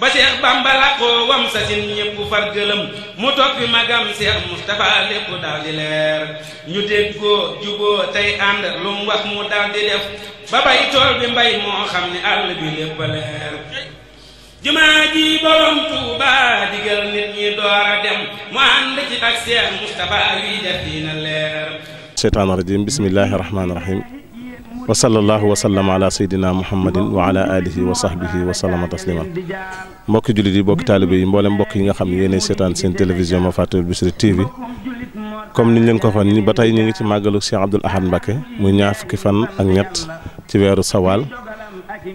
ba Cheikh Bamba la ko wam sa sin ñépp far gëlëm mu topp magam Cheikh Moustapha lépp daal leer ñu déggoo juboo tey ànd lu wax mu daal def ba bay tool bi mbay moo xam ne àll bi lépp leer jumaa ji borom Tuuba digal nit ñi door dem mu ànd ci ak Cheikh Moustapha wi def dina leer. Seytaane wa sallallahu wa sallam ala sayyidina muhammadin wa ala alihi wa sahbihi wa sallama mbokki jullit yi mbokki taalibe yi mboolem mbokk yi nga xam ne yéenay seetaan seen télévision ma fàttewul Bichri TV comme niñ leen ko waxoon ni ba tey ñu ngi ci màggalu Cheikh Abdoul Ahad Mbacké muy ñaar fukki fan ak ñett ci weeru sawaal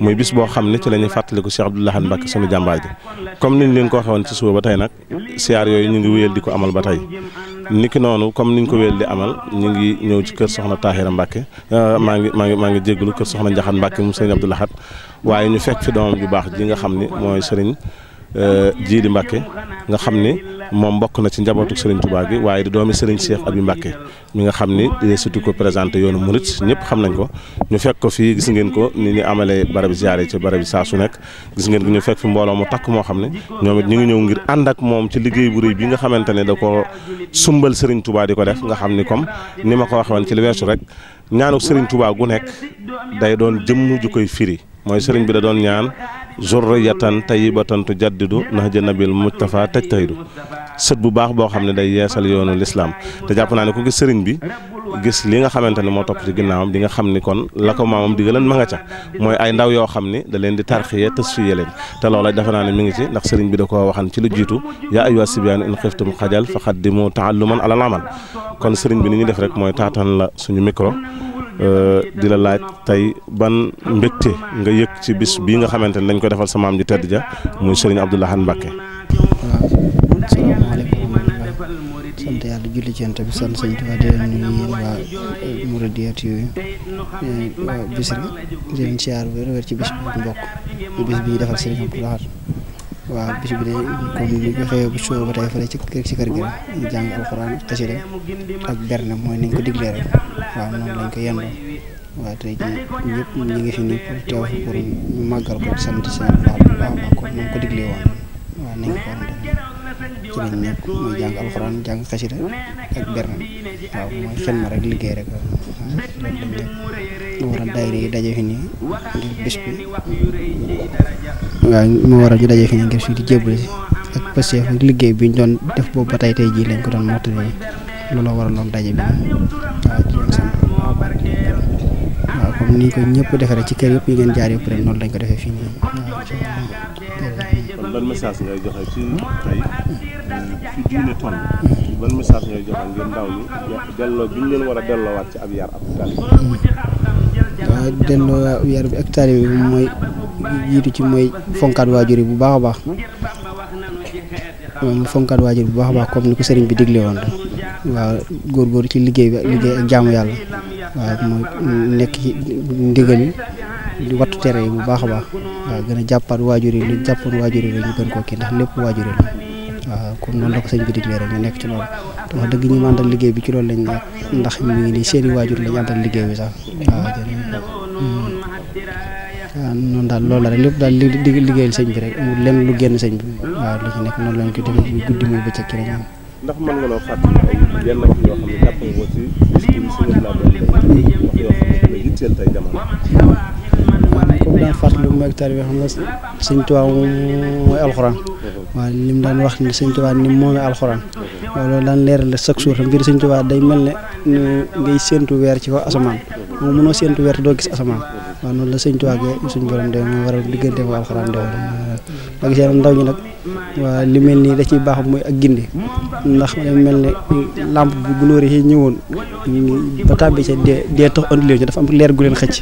muy bis boo xam ne ci la ñuy fàttaliku Cheikh Abdoul Ahad Mbacké sunu jàmbaar ji comme niñ leen ko waxee woon ci suba ba tey nag siyaar yooyu ñu ngi di ko amal ba tey niki noonu comme ni ñu ko wéel di amal ñu ngi ñëw ci kër soxna Tahira Mbacke euh, maa ngi maa ngi maa ngi jégalu kër soxna Ndiakhate Mbacke mu sëriñ Abdou Lahad waaye ñu fekk fi doomam ju baax ji nga xam ni mooy sëriñ euh, Jiidi Mbacke nga xam ni moom bokk na ci njabootu sëriñ Touba bi waaye di doomi Serigne Cheikh Abi Mbacké mi nga xam ni surtout ko présenté yoonu murit ñëpp xam nañ ko ñu fekk ko fii gis ngeen ko ni ñu amalee barabi ziyaare ci barabi saa su nekk gis ngeen ko ñu fekk fi mbooloo mu takk moo xam ne ñoom it ñu ngi ñëw ngir ànd ak moom ci liggéey bu rëy bi nga xamante ne da ko sumbal Serigne tubaa di ko def nga xam ni comme ni ma ko waxee ci li rek ñaanu Serigne Touba gu nekk day doon jëmm ju koy firi mooy sëriñ bi da doon ñaan zurriyatan tayyibatan tujaddidu nahja nabil mustafa taj taydu sët bu baax boo xam ne day yeesal yoonu lislaam te jàpp naa ne ku gis sëriñ bi gis li nga xamante ne moo topp ci ginnaawam di nga xam ni kon la ko maamam digalan ma nga ca mooy ay ndaw yoo xam ni da leen di yee tarxiye tasfiye leen te loola defe naa ne mi ngi ci ndax sëriñ bi da koo waxan ci lu jiitu yaa ayyuha sibyaan in xiftum xajal faqaddimu taalluman alal amal kon sëriñ bi ni ñu def rek mooy taatan la suñu micro Euh, di la laaj tey ban mbégte nga yëg ci bis bii nga xamante ne dañ ko defal sa maam ju tedd ja muy sëriñ Abdou Lahad Mbacké. waaw salaamaaleykum sant yàlla julli ci yonent bi sant sëñ Tuubaa di leen nuyu yéen waa euh, Muridiyat yooyu euh, waa Bichri di leen siyaar wér-wér ci bis bu mbokk bis bi ñu defal sëriñ Abdou waaw bis bi de comme ni ñu xëyee bu suba ba tey fële ci kër ci kër gi rek ñu jàng alxuraan xasida ak berne mooy nañ ko diglee rek waaw noonu lañ ko yendoo waaw tey jii ñëpp ñu ngi fi nii pour teew fi pour ñu màggal ko sant seen baax bu baax baax ko nañ ko diglee woon waaw nañ ko war a def ci lañ nekk muy jàng alxuraan jàng xasida ak berne waaw mooy xel ma rek liggéey rek waaw loolu lañ nekk lu war a daayira yi daje fi nii ngir bis bi. waaw moo waral ñu dajee fi ne ngir fii di jébbal si ak pëseef ak liggéey bi ñu doon def boobu ba tey tey jii lañ ko doon mottali looloo waral loon daje bi waaw di leen sant comme ni ko ñëpp defaree ci kër yëpp yi ngeen jaar yëpp rek noonu lañ ko defee fii nii ban message ngay joxe ci tey fi diine toll ban message ngay joxe ngir ndaw ñi ci ab yar waaw delloo yar bi ak taalibe bi mooy jiitu ci mooy fonkaat waajur yi bu baax a baax moom fonkaat waajur bu baax a baax comme ni ko sëriñ bi digle woon waaw góor góor ci liggéey bi liggéey ak jaamu yàlla waaw mooy nekk ci ndigal yi wattu tere yi bu baax a baax waaw gën a jàppaat waajur yi lu jàppoon waajur yi la ñu gën koo kii ndax lépp waajur yi la waaw comme noonu sëñ bi diglee rek nekk ci loolu te dëgg ñi mu àndal liggéey bi ci loolu lañ nekk ndax ñu ngi nii seeni waajur lañ àndal liggéey bi sax waaw waaw noonu daal lool la rek lépp daal di liggéeyal sëñ bi rek amul lenn lu génn sañ bi waaw lu nekk noonu lañ koy defee muy guddi muy bëccëg ci rek ndax mën nga noo hmm. alxuraan mhm. waaw mu daan wax ni sëñ Tuubaa ni moom la alxuraan mhm. loolu daan leeral la chaque jour mbir sëñ weer ci kaw asamaan mhm. moom mënoo séentu weer te doo gis asamaan. waaw noonu la sëñ Tuubaa suñu borom de moo waral diggante ko alxuraan de woon ba gisee nag ndaw ñi nag waa li mel nii la ciy baax mooy ak gindi ndax mel ne lampe bu gunóor yi ñëwoon ba tàbbi ca dee dee tax andi leen ñu dafa am leer gu leen xëcc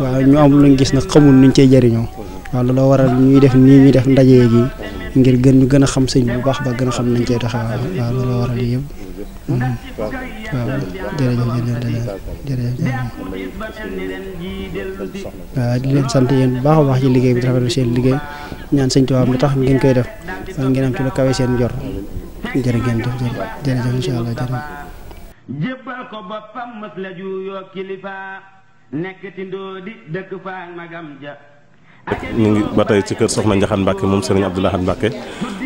waaw ñoo am luñ gis nag xamul nuñ cey jariñoo waaw looloo waral ñuy def nii ñuy def ndaje gi ngir gën ñu gën a xam sëñ bu baax ba gën a xam nañ cey taxawaa waaw looloo waral yëpp waaw di leen sant yéen bu baax a baax ci liggéey bi rafetlu seen liggéey ñaan sëñ Tuubaa lu tax ngeen koy def ngeen am ci lu kawe seen jor jërë ngeen jëf jërëjëf incha allah jërëjëf. jébbal ko ci ndoodi dëkk fa magam ja ñu ba tey ci kër Soxna Njaxate Mbàkke moom Serigne Abdoul Ahad Mbàkke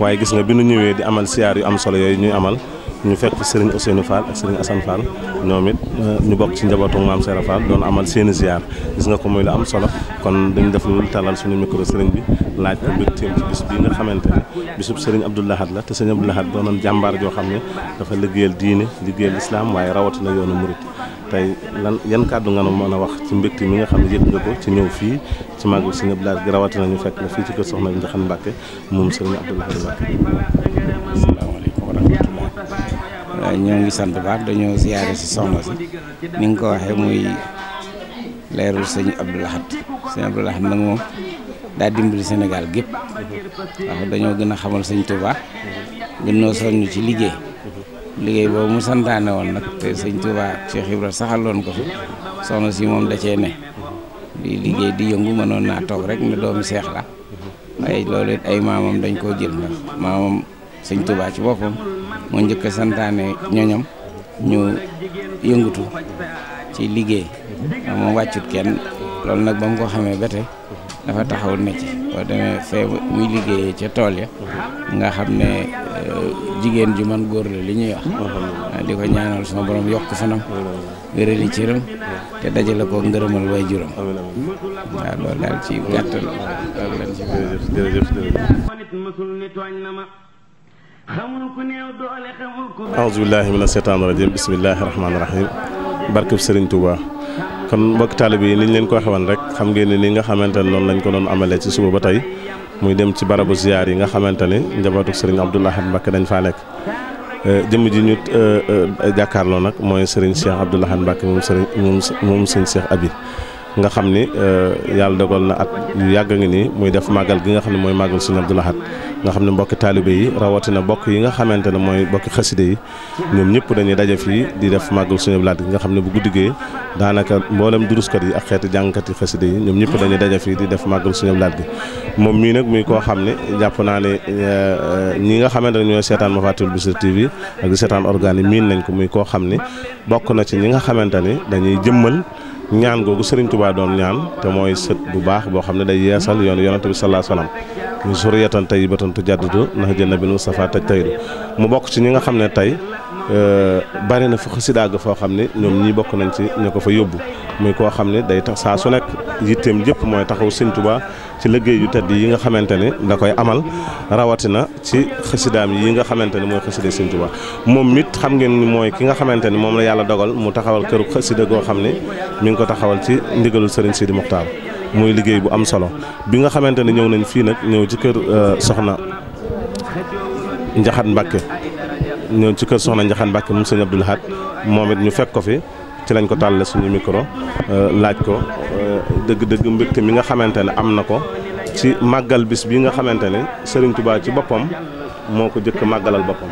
waaye gis nga bi nu ñëwee di amal siyaar yu am solo yooyu ñuy amal. ñu fekk Serigne Ousseynou Fall ak Serigne Assane Fall ñoom it euh, ñu bokk ci njabootu maam Serap Fall doon amal seeni ziar gis nga ko muy la am solo kon dañu def lu talal suñu micro Serigne bi laaj ko mbégteem ci bis bii nga xamante ne bisub Serigne Abdoul Ahad la te Serigne Abdoul Ahad doonoon jàmbaar joo xam ne dafa liggéeyal diine liggéeyal islam waaye rawatina yoonu murit tey lan yan kàddu nga mën a wax ci mbégte mi nga xam ne yëg nga ci ñëw fii ci màggal Serigne Abdoul rawatina ñu fekk la fii ci kër Soxna Ndiakhate Mbacke moom Serigne Abdoul Ahad ñoo ngi sant baax dañoo ziyaare si soxna si ni nga ko waxee muy leerul sëñ Abdou Lahad sëñ Abdou Lahad nag moom daa dimbali Sénégal gépp wax dañoo gën a xamal sëñ Touba gën noo soññ ci liggéey liggéey boobu mu woon nag te sëñ Touba saxaloon ko fi soxna si moom da cee ne di liggéey di yëngu mënoon naa toog rek ne doomi seex la waaye loolu it ay maamam dañ koo jël ndax maamam sëñ Touba ci boppam moo njëkk a santaane ñoñam ñu yëngatu ci liggéey moom wàccut kenn loolu nag ba mu ko xamee ba tey dafa taxaw ne ci boo demee fee muy liggéey ca tool ya nga xam ne euh, jigéen ji man góor la li ñuy wax di ko ñaanal sama borom yokk fanam wérali cëram te dajale ko ngërëmal way juram waaw loolu daal ci gàttal loolu lañ ci jërëjëf jërëjëf xamul ku néew doole xamul ku auzu billaahi mina seytaani rajiim bismillaahi rahmaani rahiim barkeb Sëriñ Tuubaa kon mbokk taalibe yi niñ leen ko xewoon rek xam ngeen ni ni nga xamante ne noonu lañ ko doon amalee ci suba ba tey muy dem ci barabu ziyaar yi nga xamante ne njabootu Sëriñ Abdoul Ahad Mbacké dañ faa nekk eh, jëmm ji ñu eh, eh, jàkkaarloo nag mooy Sëriñ Cheikh Abdoul Ahad Mbacké moom Sëriñ moom moom Sëriñ Cheikh Abi nga xam ni euh, yàlla dogal na at yu yàgg ngi nii muy def màggal gi nga xam ne mooy màggal Sëriñ Abdou Lahad nga xam ne mbokki taalibe yi rawatina bokk yi nga xamante ne mooy bokki xaside yi ñoom ñëpp dañuy daje fii di def màggal Sëriñ Abdou Lahad gi nga xam ne bu guddigee daanaka mboolem duruskat yi ak xeeti jàngkat yi xaside yi ñoom ñëpp dañuy daje fii di def màggal Sëriñ Abdou moom mii nag muy koo xam ne jàpp naa ne euh, ñi nga xamante ne ñooy seetaan Mafaatihul Bichri TV ak seetaan organe yi miin nañ ko muy koo xam ni bokk na ci ñi nga xamante ni dañuy jëmmal ñaan googu Serigne Touba doon ñaan te mooy sët bu baax boo xam ne day yeesal yoon yonent bi sallallahu alayhi wasallam mu suriyatan tayyibatan tujaddidu nahja nabil Mustafa taj tayru mu bokk ci ñi nga xam ne tey Euh, bari na fu xasida ga foo xam ne ñoom ñii bokk nañ ci ña ko fa yóbbu muy koo xam ne day tax saa su nekk yitteem jëpp mooy taxaw Sëñ Tuubaa ci liggéey yu tedd yi nga xamante ne da koy amal rawatina ci xasidaam yi nga xamante ne mooy xasida Sëñ Tuubaa moom mit xam ngeen mooy ki nga xamante ni moom la yàlla dogal mu taxawal këru xasida goo xam ne mi ngi ko taxawal ci ndigalul Sëriñ Sidi Muxtaar muy liggéey bu am solo bi nga xamante ni ñëw nañ fii nag ñëw ci kër euh, soxna Njaxat Mbàkke ñëw ci kër Soxna Njaxaan Mbàkke moom sëñ Abdou Lahad moom it ñu fekk ko fi ci lañ ko tàllale suñu micro euh, laaj ko euh, dëgg-dëgg mbégte mi nga xamante ne am na ko ci màggal bis bi nga xamante ne Serigne Touba ci boppam moo ko jëkk màggalal boppam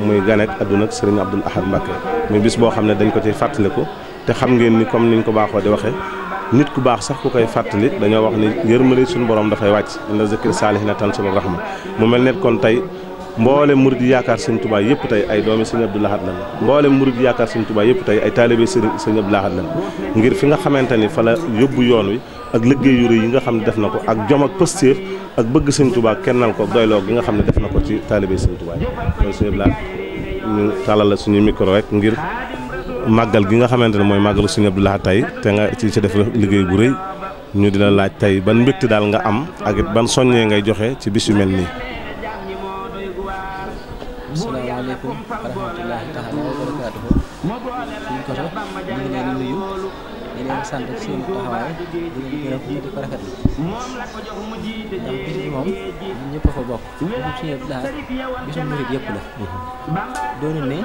muy ganeek àdduna ak Serigne Abdou Lahad Mbàkke muy bis boo xam ne dañ ko ciy fàttaliku te xam ngeen ni comme niñ ko baaxoo di waxee nit ku baax sax ku koy fàttali dañoo wax ni yërmande suñu borom dafay wàcc inda zikri saalihiina tanzilu rahma mu mel ne mboolem murid yaakaar sëñ Tuubaa yëpp tey ay doomi sëñ Abdou Lahad lañ mboolem murid yaakaar sëñ Tuubaa yëpp tey ay taalibe sëñ Abdou Lahad lañ ngir fi nga xamante ni fa la yóbbu yoon wi ak liggéey yu rëy yi nga xam ne def na ko ak jom ak pëstéef ak bëgg sëñ Tuubaa kennal ko doyloo gi nga xam ne def na ko ci taalibe sëñ Tuubaa yi loolu sëñ Abdou Lahad ñu tàllal la suñu micro rek ngir màggal gi nga xamante ne mooy màggalu sëñ Abdou Lahad tey te nga ci ci def liggéey bu rëy ñu dina laaj tey ban mbégte daal nga am ak it ban soññee ngay joxe ci bis yu mel rahmatullahi taala wa barakaatuhu suñ koto sant ci seen taxawaay ko rafetlu ñëpp fa bokk bisum suñu daal bisum murit yëpp la doonu ne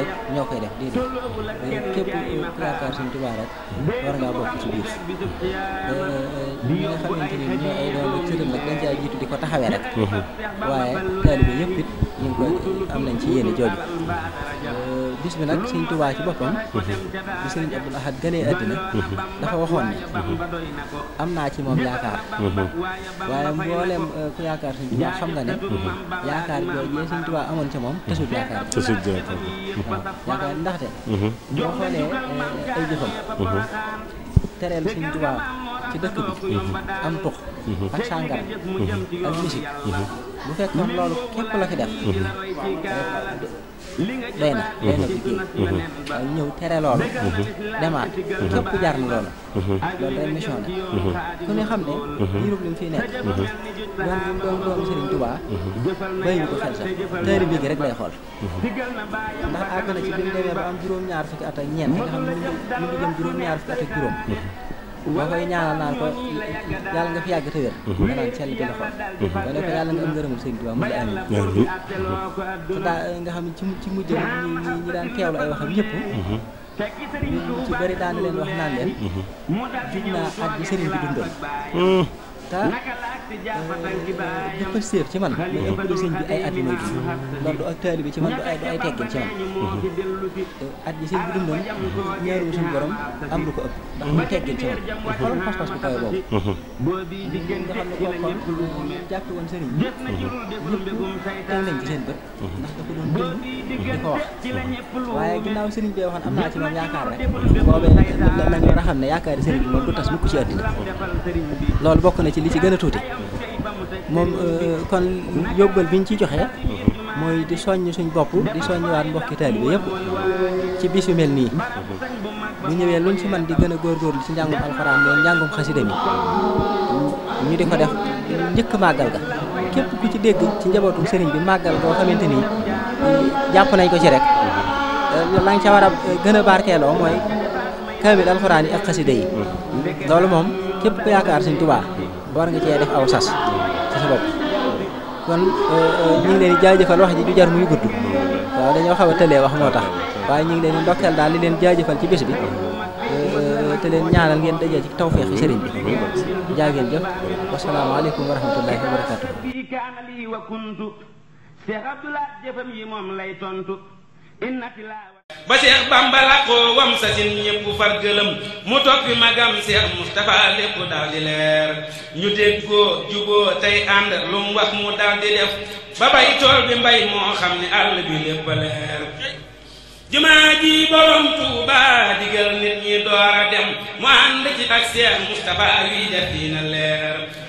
rek ñoo koy def déedéet mais képp ku yaakaar suñ Tuubaa rek war ngaa bokk ci biir ñi nga xamante ni ñoo ay doomam ak sëtam dañ caa jiitu di ko taxawee rek waaye taalibe yëpp it ñu koy am nañ ci yéene jooju euh, bis bi nag sëñ Tuubaa ci boppam bi sëriñ Abdul Ahad gënee àddina dafa waxoon ne am naa ci moom yaakaar waaye mbooleem euh, ku yaakaar sëñ xam nga yaakaar jooju sëñ amoon ca moom tësut yaakaar tësut yaakaar yaakaar ndaxte mhm. boo xoolee euh, ay jëfam mhm. tereel sëñ Tuubaa ci dëkk bi mhm. am tux ak sàngara ak musique bu fekkoon loolu képp la fi def. doy na doy na ci kii waaye ñëw tere loolu demaat képp jaar na loolu loolu mission la ku ne xam ne diirub li mu fiy nekk doon bu doon doon Serigne Touba bayu ko xel sax tëri bi rek lay xool ndax àgg ci bi demee ba am juróom-ñaar fukki at ak ñeent nga xam ne mu ngi jëm juróom-ñaar fukki at ak juróom ma koy ñaanal naan ko yàlla nga fi yàgg te nga mhm. naan sell bi la xool nga ne ko yàlla nga am ngërëmul sëñ Tuubaa mu ngi amin mhm. mhm. te daa nga xam ci ci mujj ñi ñi daan teewlu ay waxam ñëpp ñu ci bëri daan leen wax naan leen jub naa ak sëriñ bi dundoon du pëstéef man du bi ay at yi may gis ci man ay du ay tekkin ci man at am lu ko ëpp ndax mu teggin ci man xoolal pas-pas bu kawe boobu nga xam ne koo xool jàpp woon sëriñ bi ñëpp wax am naa ci moom yaakaar rek boobee nag a xam ne yaakaari sëriñ bi tas mukk ci àddina loolu bokk na ci li ci gën a tuuti moom euh, kon yóbbal bi ñu ci joxe. mooy di soññ suñ bopp di soññwaat mbokki taalibe yëpp ci bis yu mel nii bu ñëwee luñ ci man di gën a góorgóorlu ci njàngum alxuraan mais njàngum xasida mi ñu di ko def njëkk màggal ga képp ku ci dégg ci njabootu sëriñ bi màggal boo xamante nii jàpp nañ ko ci rek euh, lañ ca war a euh, gën a barkeeloo mooy kaamil alxuraan yi ak xasida yi loolu moom képp ku yaakaar Sëriñ Tuubaa war nga cee def aw sas ci sa bopp kon euh, euh, ñu ngi leen wax ji du jar muy gudd waaw dañoo xaw a wax moo tax waaye ñu ngi leen di ndokkeel daal di leen jaajëfal ci bés bi euh, te leen ñaanal ngeen dajee ci tawfeexi sëriñ bi jaa ngeen jëf wasalaamaaleykum wa rahmatullahi wa barakatuh. Seex Abdulaay jëfam yi moom lay tontu. ba Cheikh Bamba wam sa sin ñëpp far gëlëm mu topp magam Cheikh Moustapha lépp daal di leer ñu déggoo juboo tey ànd lu wax mu daal di def ba bay tool bi mbay moo xam ne bi lépp a leer jumaa ji borom Tuuba digal nit ñi door a dem mu ànd ci ak Cheikh Moustapha wi def dina leer